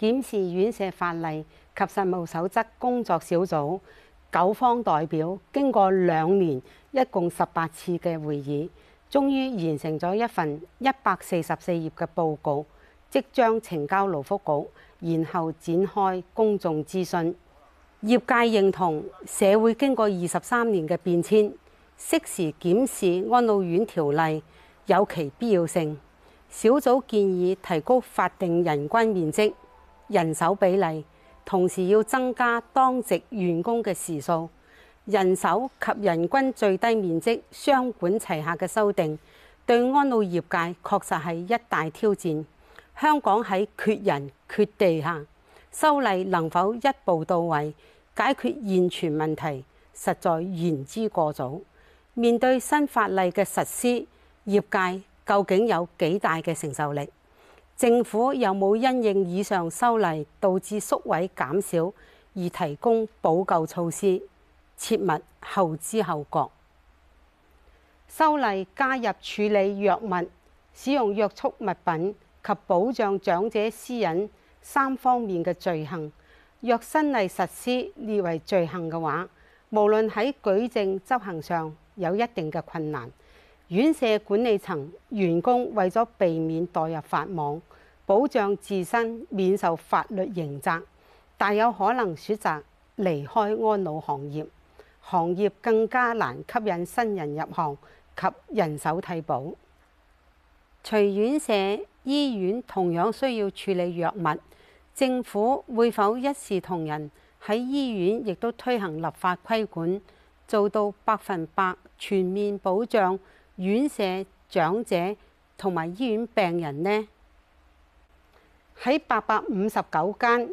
檢視院舍法例及實務守則工作小組九方代表經過兩年，一共十八次嘅會議，終於完成咗一份一百四十四頁嘅報告，即將呈交勞福局，然後展開公眾諮詢。業界認同社會經過二十三年嘅變遷，適時檢視安老院條例有其必要性。小組建議提高法定人均面積、人手比例，同時要增加當值員工嘅時數，人手及人均最低面積雙管齊下嘅修訂，對安老業界確實係一大挑戰。香港喺缺人缺地下，修例能否一步到位解決現存問題實在言之過早。面對新法例嘅實施，業界究竟有幾大嘅承受力？政府有冇因應以上修例導致宿位減少而提供補救措施？切勿後知後覺。修例加入處理藥物、使用約束物品及保障長者私隱三方面嘅罪行。若新例實施列為罪行嘅話，無論喺舉證執行上有一定嘅困難，院舍管理層員工為咗避免墮入法網，保障自身免受法律刑責，大有可能選擇離開安老行業，行業更加難吸引新人入行及人手替補。除院舍、醫院同樣需要處理藥物，政府會否一視同仁喺醫院亦都推行立法規管，做到百分百全面保障院舍長者同埋醫院病人呢？喺八百五十九間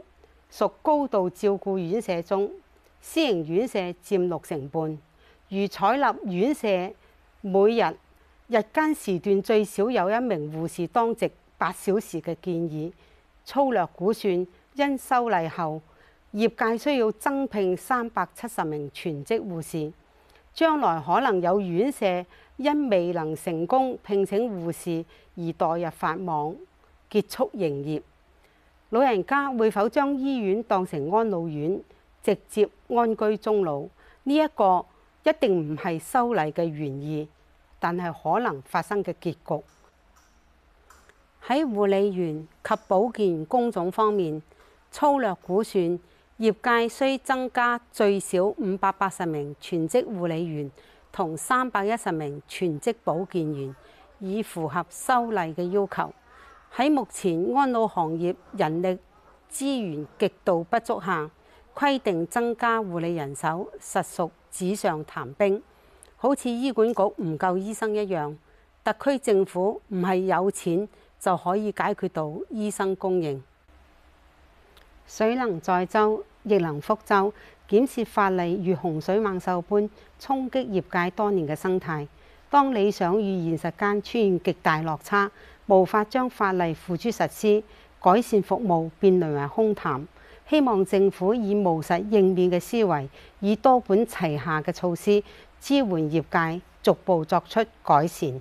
屬高度照顧院舍中，私營院舍佔六成半。如採納院舍每日日間時段最少有一名護士當值八小時嘅建議，粗略估算，因修例後業界需要增聘三百七十名全職護士，將來可能有院舍因未能成功聘請護士而墮入法網，結束營業。老人家會否將醫院當成安老院，直接安居終老？呢一個一定唔係修例嘅原意，但係可能發生嘅結局。喺護理員及保健工種方面，粗略估算，業界需增加最少五百八十名全職護理員同三百一十名全職保健員，以符合修例嘅要求。喺目前安老行業人力資源極度不足下，規定增加護理人手實屬紙上談兵，好似醫管局唔夠醫生一樣。特區政府唔係有錢就可以解決到醫生供應。水能載舟，亦能覆舟。檢視法例如洪水猛獸般衝擊業界多年嘅生態，當理想與現實間出現極大落差。無法將法例付諸實施，改善服務便淪為空談。希望政府以務實應變嘅思維，以多管齊下嘅措施支援業界，逐步作出改善。